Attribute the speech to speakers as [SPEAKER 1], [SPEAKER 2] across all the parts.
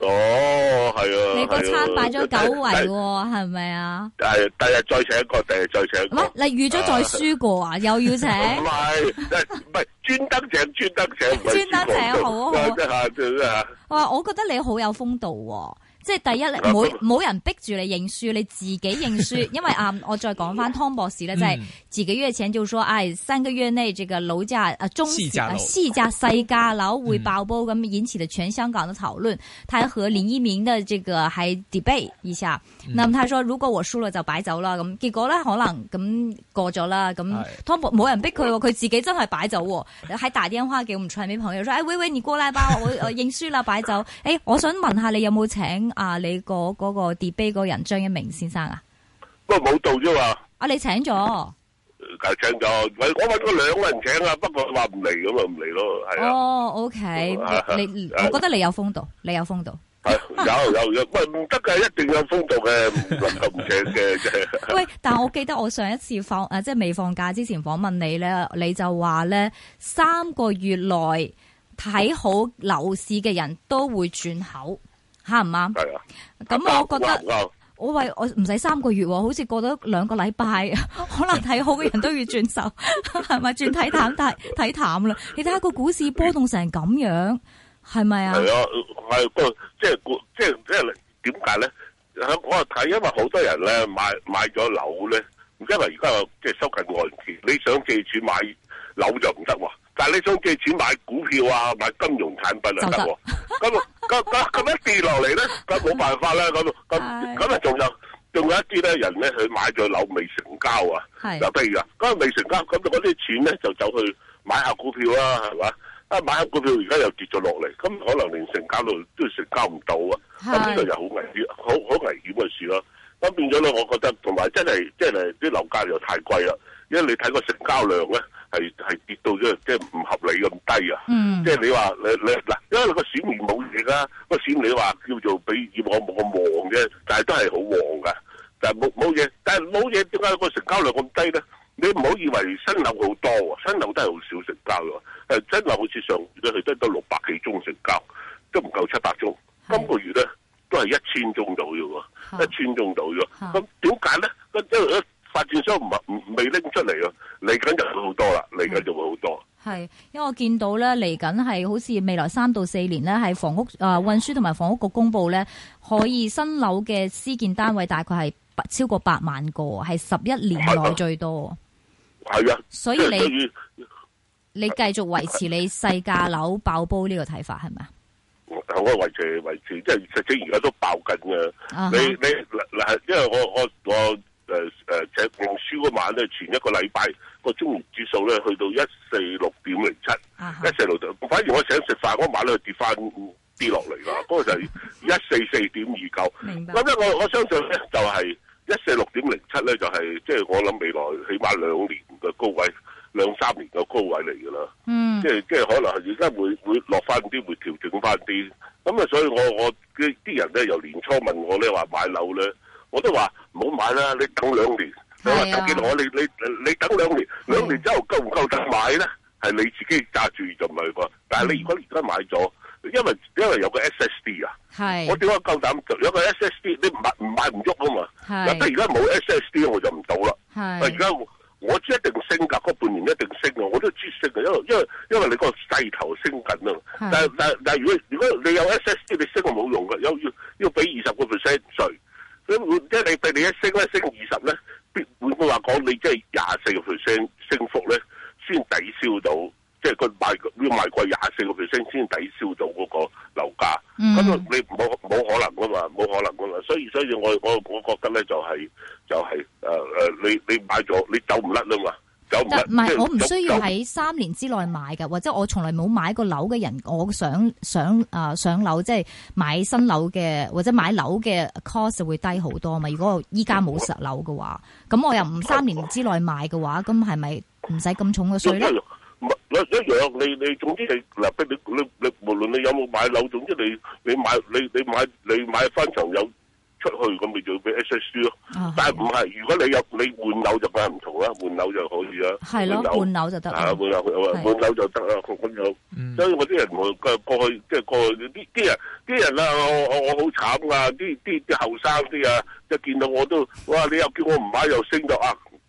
[SPEAKER 1] 哦，係啊，你個的餐擺咗九圍係咪啊？第第日再請一個，第日再請個。唔係，你預咗再輸
[SPEAKER 2] 過啊？又要請？
[SPEAKER 1] 唔係， 唔係專登請，專登請。專登請，請好、啊、好、啊。哇、啊，啊
[SPEAKER 2] 啊啊、我覺得你好有風度、啊。即係第一咧，冇冇人逼住你認輸，你自己認輸。因為啊，我再講返湯博士咧，就係自己幾個月前就說，唉、哎，三個月內呢，這個樓價啊，中價啊，細價、細價樓會爆煲，咁引起咗全香港嘅討論。他和林一鳴的這個係 debate，咁佢話如果我輸啦就擺酒啦咁。結果咧，可能咁過咗啦，咁湯博冇人逼佢喎、哦，佢自己真係擺酒喎、哦。喺打電話叫我出，財經朋友，說：，哎，喂喂，你過嚟吧，我認認輸啦， 擺酒。哎，我想問下你有冇請？啊！你嗰、那、嗰個 debate 嗰人張一鳴先生啊，
[SPEAKER 1] 唔係冇到啫嘛、
[SPEAKER 2] 啊。啊！你請咗，
[SPEAKER 1] 請咗，我問咗兩個人請啊，不過話唔嚟，咁
[SPEAKER 2] 啊，唔嚟咯，係哦，OK，、啊、你我覺得你有風度，你有風度，有
[SPEAKER 1] 有有，唔得嘅，一定有風度嘅，唔能夠唔請嘅嘅。喂，
[SPEAKER 2] 但我記得我上一次放誒，即係未放假之前訪問你咧，你就話咧三個月內睇好樓市嘅人都會轉口。啱唔啱？係啊。咁我覺得，我喂，我唔使三個月喎，好似過咗兩個禮拜，可能睇好嘅人都要轉手，係咪 轉睇淡？但係睇淡啦，你睇下個股市波動成咁樣，係咪啊？係啊，
[SPEAKER 1] 係個即係即係即係點解咧？喺、就是、我睇，因為好多人咧買買咗樓咧，因為而家即係收緊按揭，你想借錢買樓就唔得喎。但你想借錢買股票啊，買金融產品啊得喎。咁咁咁一跌落嚟咧，咁冇辦法啦。咁咁咁啊，仲唉 有仲有一啲咧人咧，佢買咗樓未成交啊。又譬是 如啊，咁未成交，咁嗰啲錢咧就走去買下股票啦、啊，係嘛？啊買下股票而家又跌咗落嚟，咁可能連成交都成交唔到啊。咁呢個又好危險，好好危險嘅事咯、啊。咁變咗咧，我覺得同埋真係即係啲樓價又太貴啦，因為你睇個成交量咧。係係跌到咗，即係唔合理咁低啊！即係、嗯、你話你你，嗱，因為個市面冇嘢啦，個市面你話叫做比以往冇咁旺啫，但係都係好旺噶，但係冇冇嘢，但係冇嘢，點解個成交量咁低咧？你唔好以為新樓好多、啊，新樓都係好少成交嘅、啊，誒，新樓好似上月都係得到六百幾宗成交，都唔夠七百宗。是的 今個月咧都係一千宗到啫、啊，一千是的 宗到啫、啊，咁點解咧？咁即發展商唔係未拎出嚟啊，嚟緊就會好多啦，嚟緊就會好多。
[SPEAKER 2] 係、嗯，因為我見到咧嚟緊係好似未來三到四年咧，係房屋啊運輸同埋房屋局公布咧，可以新樓嘅私建單位大概係超過百萬個，係十一年內最多。
[SPEAKER 1] 係啊，啊所以你、就是、
[SPEAKER 2] 你繼續維持你細價樓爆煲呢個睇法係咪？是我
[SPEAKER 1] 係我維持維持，即係實際而家都在爆緊嘅、嗯。你你嗱嗱，因為我我我。我誒誒，即係放書嗰晚咧，前一個禮拜個中原指數咧，去到一四六點零七，一四六度。反而我請食飯嗰晚咧跌翻跌落嚟㗎，嗰，那個就係一四四點二九。明白。咁咧，我我相信咧就係一四六點零七咧，就係即係我諗未來起碼兩年嘅高位，兩三年嘅高位嚟㗎啦。嗯。即係即係可能係而家會會落翻啲，會調整翻啲。咁啊，所以我我啲人咧，由年初問我咧話買樓咧。我都話唔好買啦，你等兩年。你話、啊、等見我，你你你等兩年，是兩年之後夠唔夠膽買咧？係你自己揸住就唔係嘛。嗯、但係你如果而家買咗，因為因為有個 SSD 啊，是我點解夠膽？有個 SSD，你唔買唔買唔喐啊嘛。但係而家冇 SSD，我就唔到啦。是但係而家我知一定升噶，嗰半年一定升噶，我都知升噶。因為因為因為你嗰個勢頭升緊啊是。但但但係如果如果你有 SSD，你升就冇用噶，要要要俾二十個 percent 稅。你一升一升二十咧，必會會話講你即係。就是
[SPEAKER 2] 需要喺三年之內買嘅，或者我從來冇買過樓嘅人，我想想啊、呃、上樓即係買新樓嘅，或者買樓嘅 cost 會低好多嘛。如果我依家冇實樓嘅話，咁、嗯、我又唔三年之內買嘅話，咁係咪唔使咁重嘅稅咧？
[SPEAKER 1] 一樣，你你總之你嗱，不你你你，你無論你有冇買樓，總之你你買你你買你買翻層樓出去咁咪就俾 S、啊、S D 咯，但係唔係，如果你有你換樓就梗係唔同啦，換樓就可以啦，係咯的，換樓樓就得啦，換樓換樓就得啦，咁樣的，所以我啲人過去、就是、過去即係過去啲啲人啲人啊，我我，我好慘啊。啲啲啲後生啲啊，即係見到我都，哇！你又叫我唔買又升咗啊！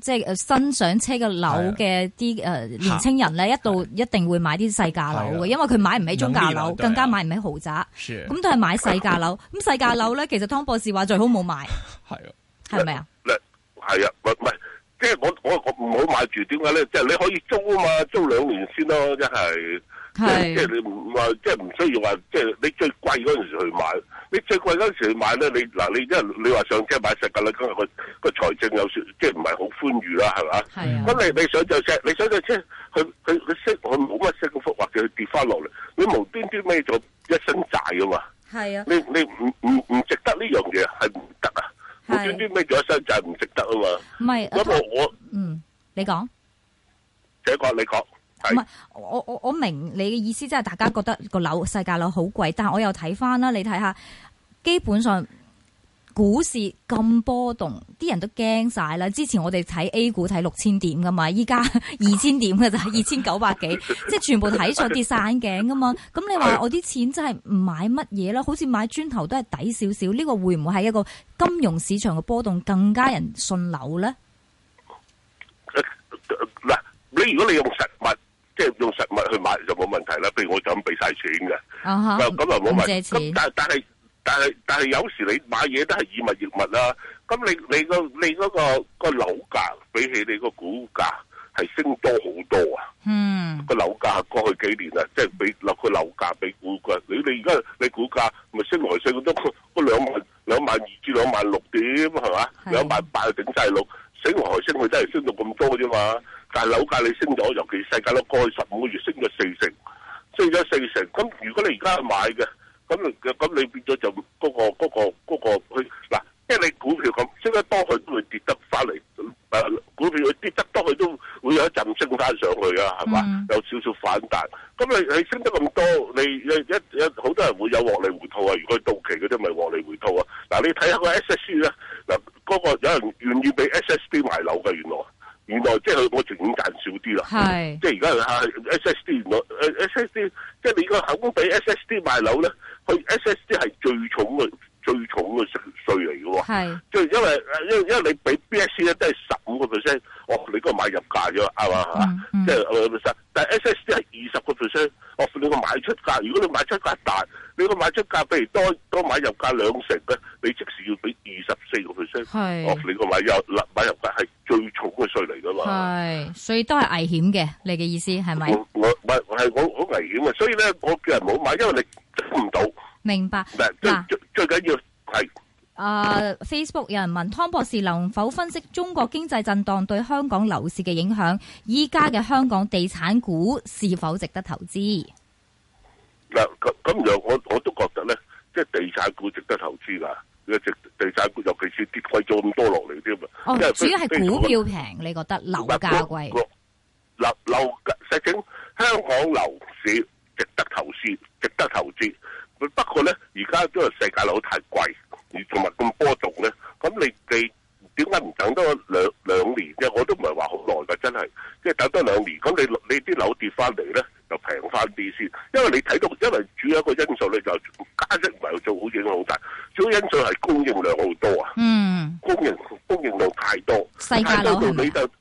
[SPEAKER 2] 即係誒，新上車嘅樓嘅啲誒年青人咧，一度一定會買啲細價樓嘅，因為佢買唔起中價樓，更加買唔起豪宅。咁的都係買細價樓。咁細價樓咧，其實湯博士話最好冇買。係啊的，係咪啊？係啊，唔
[SPEAKER 1] 係即係我我我唔好買住，點解咧？即係你可以租啊嘛，租兩年先咯，一係。即係、啊、你唔話，即係唔需要話，即係你最貴嗰陣時去買，你最貴嗰陣時去買咧，你嗱你你話上車買實㗎啦，今日個財政又算，即係唔係好寬裕啦，係嘛、啊？咁你你想就車，你想就車，佢佢佢升，佢冇乜升幅，或者佢跌翻落嚟，你無端端孭咗一身債噶嘛？係啊，你你唔唔唔值得呢樣嘢係唔得啊！無端端孭咗一身債唔值得啊嘛？唔係，不過我
[SPEAKER 2] 嗯，你
[SPEAKER 1] 講，這個你講。
[SPEAKER 2] 唔係是，我我我明你嘅意思，即係大家覺得個樓世界樓好貴，但係我又睇翻啦，你睇下，基本上股市咁波動，啲人都驚晒啦。之前我哋睇 A 股睇六千點噶嘛，依家二千點就咋，二千九百幾， 即係全部睇在跌晒眼鏡噶嘛。咁你話我啲錢真係唔買乜嘢啦，好似買磚頭都係抵少少。呢、這個會唔會係一個金融市場嘅波動更加人信樓咧？
[SPEAKER 1] 嗱，你如果你用實物。即係用實物去買就冇問題啦，譬如我就咁俾晒錢嘅，
[SPEAKER 3] 咁又冇問題。咁但但係但
[SPEAKER 1] 係但係有時你買嘢都係以物易物啦、啊。咁你你、嗰個你嗰、嗰個個樓價比起你個股價係升多好多啊！嗯，個樓價過去幾年啊，即係比落個樓價比股價，你你而家你股價咪升來升去都嗰兩萬兩萬二至兩萬六點係嘛？是兩萬八就頂晒六，升來升去都係升到咁多啫嘛。但樓價你升咗，尤其是世界都過去十五個月升咗四成，升咗四成。咁如果你而家係買嘅，咁咁你，你變咗就嗰、嗰個嗰、嗰個嗰、嗰個去嗱，即、那、係、個就是、你股票咁升得多佢都會跌得翻嚟。誒、啊、股票佢跌得多佢都會有一陣升翻上去啊，係嘛？Mm hmm. 有少少反彈。咁你你升得咁多，你一好多人會有獲利回吐啊。如果到期嗰啲咪獲利回吐啊。嗱你睇下個 S S C 咧，嗱嗰、嗰個有人願意俾 S S B 買樓嘅原來。原來即係佢我情願賺少啲啦，即係而家啊 S S D 原來 S S D 即係你個口供俾 S S D 賣樓咧，佢 S S D 係最重嘅最重嘅稅嚟嘅喎，是即係因為因為因為你俾 B S D 咧都係十五個 percent，哦你個買入價啫係嘛吓，即係、嗯嗯就是、但係 S S D 係二十個 percent，哦你個賣出價，如果你賣出，出價大，你個賣出價譬如多多買入價兩成嘅，你即時要俾二十四個 percent，哦你個買入入買入價係。是
[SPEAKER 2] 稅嚟噶嘛？係所以都係危險嘅，你嘅意思係咪？我
[SPEAKER 1] 唔係係好好危險嘅，所以咧我，我，我叫人冇買，因為你估唔
[SPEAKER 2] 到。明白嗱
[SPEAKER 1] 最、啊，最最緊要
[SPEAKER 2] 係誒、呃、，Facebook 有人問湯博士能否分析中國經濟震盪對香港樓市嘅影響？依家嘅香港地產股是否值得投資？
[SPEAKER 1] 嗱咁咁樣我，我我都覺得咧，即係地產股值得投資噶。一直地產股，尤其是跌貴咗咁多落嚟添啊！哦，因為主要係股
[SPEAKER 2] 票平，你覺得樓價貴？
[SPEAKER 1] 樓樓其實香港樓市值得投資，值得投資。不過咧，而家都係世界樓太貴，而同埋咁波動咧，咁你。細價樓，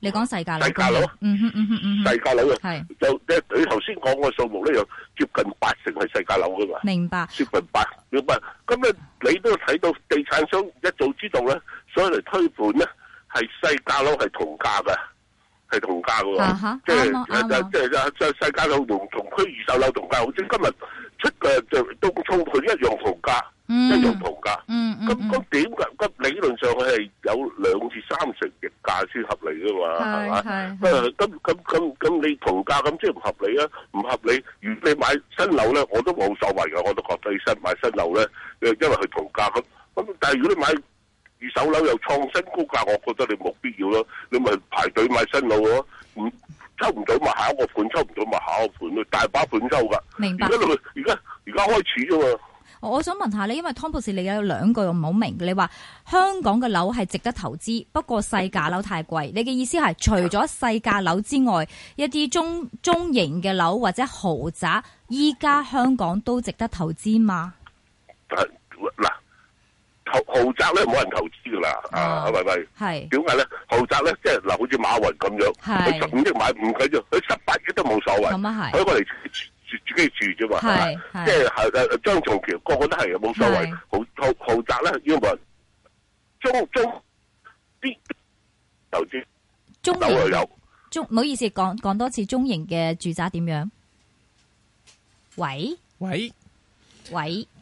[SPEAKER 2] 你講細價樓，細價樓，嗯嗯
[SPEAKER 1] 嗯嗯，細價樓啊，係就即係你頭先講個數目咧，又接近八成係細價樓噶嘛，明白？接近八，明白？咁咧，你都睇到地產商一早知道咧，所以嚟推盤咧係細價樓係同價噶。係同價噶喎，即係即係世界有同區有同區二手樓同價，好似今日出嘅就東涌佢一樣同價，一樣同價。嗯咁咁點解？咁理論上佢係有兩至三成溢價先合理噶嘛？係嘛？咁咁咁咁你同價咁即係唔合理啊？唔合理。如果你買新樓咧，我都冇所謂噶，我都覺得你新買新樓咧，誒，因為佢同價咁咁。但係如果你買，手樓又創新高價，我覺得你冇必要咯。你咪排隊買新樓咯，唔抽唔到咪下一個盤，抽唔到咪下一個盤咯，大把盤夠噶。明白。而家而家開始啫
[SPEAKER 2] 嘛。我想問下你，因為湯博士，你有兩句我唔好明。你話香港嘅樓係值得投資，不過細價樓太貴。你嘅意思係，除咗細價樓之外，一啲中中型嘅樓或者豪宅，依家香港都值得投資嘛？
[SPEAKER 1] 嗱。豪宅咧，冇人投資噶啦，啊喂喂，係點解咧？豪宅咧，即係嗱，好似馬雲咁樣，佢十五億買唔緊要，佢十八億都冇所謂，咁啊係，佢過嚟自己住自啫嘛，係嘛是是，即係誒張松橋個個都係，冇所謂是，豪豪豪宅咧要冇人租租啲投資，中型有中，
[SPEAKER 2] 中，唔好意思講講多次，中型嘅住宅點樣？喂喂喂！喂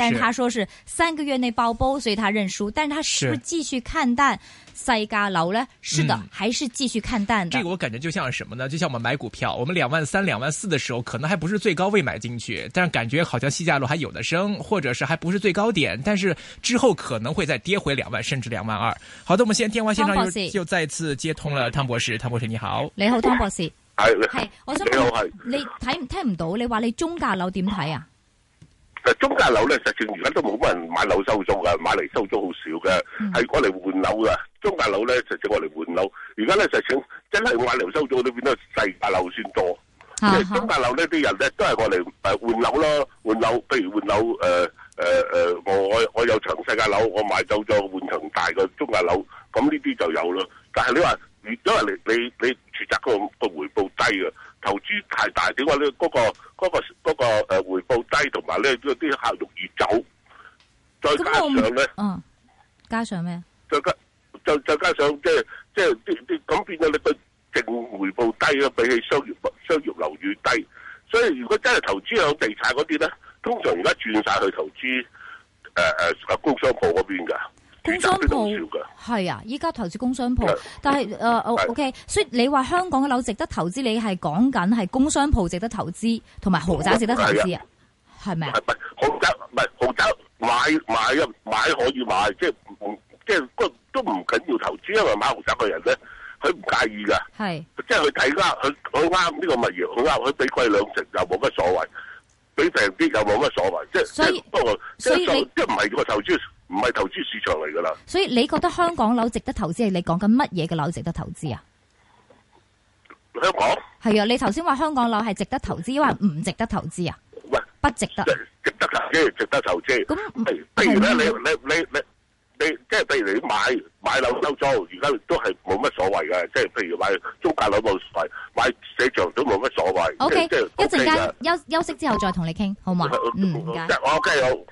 [SPEAKER 2] 但是他說是三個月內爆煲，所以他認輸。但是他是不是繼續看淡細價樓呢？是的，嗯、還是繼續看淡的。這個我感覺就像什麼呢？就像我們買股票，我們兩萬三、兩萬四的時候，可能還不是最高位買進去，但是感覺好像細價樓還有得升，或者是還不是最高點，但是之後可能會再跌回兩萬，甚至兩萬二。好的，我們現在電話線上就又再次接通了湯博士，湯博士你好，你好湯博士，係、哎，係、哎，我想問、哎、你睇唔聽唔到？你話你中價樓點睇啊？
[SPEAKER 1] 中價樓咧，實情而家都冇乜人買樓收租噶買嚟收租好少嘅，係、嗯、過嚟換樓噶。中價樓咧，就整過嚟換樓。而家咧，實情真係買嚟收租都變得細價樓先多。因為、嗯嗯、中價樓呢啲人咧都係過嚟誒換樓咯，換樓，譬如換樓誒誒誒，我我我有層細價樓，我買走咗換層大嘅中價樓，咁呢啲就有咯。但係你話，因為你你你住宅個個回報低啊。投資太大點解咧？嗰個嗰個嗰個誒回報低，同埋咧啲啲客容易走，再加上咧、嗯，
[SPEAKER 2] 加上咩？
[SPEAKER 1] 再加再再加上即係即係啲啲，咁變咗你個淨回報低咯，比起商業商業樓宇低。所以如果真係投資有地產嗰啲咧，通常而家轉晒去投資誒誒工商鋪嗰邊噶。工商鋪
[SPEAKER 2] 係啊，依家投資工商鋪，是的但係誒、呃、的，OK，所以你話香港嘅樓值得投資，你係講緊係工商鋪值得投資，同埋豪宅值得投資啊？係咪啊？
[SPEAKER 1] 係的的豪宅，唔係豪宅，買買買，買可以買，即係、嗯、即係都唔緊要投資，因為買豪宅嘅人咧，佢唔介意噶，係的即係佢睇啱，佢佢啱呢個物業，佢啱佢俾貴兩成又冇乜所謂，俾成啲又冇乜所謂，即係所以，不過所以即係。即係唔係個投資。唔係投資市場嚟噶啦，所
[SPEAKER 2] 以你覺得香港樓值得投資係你講緊乜嘢嘅樓值得投資啊？香港係啊，你頭先話香港樓係值得投資，抑或唔值得投資啊？唔係，不值得，
[SPEAKER 1] 值得啊，即係值得投資。咁，譬如咧，你你你你你，即係譬如你買買樓收租，而家都係冇乜所謂嘅，即係譬如買租大樓冇買買市場都冇乜所謂。O K，一陣間
[SPEAKER 2] 休休息之後再同你傾，好嘛？
[SPEAKER 1] 唔該、嗯。我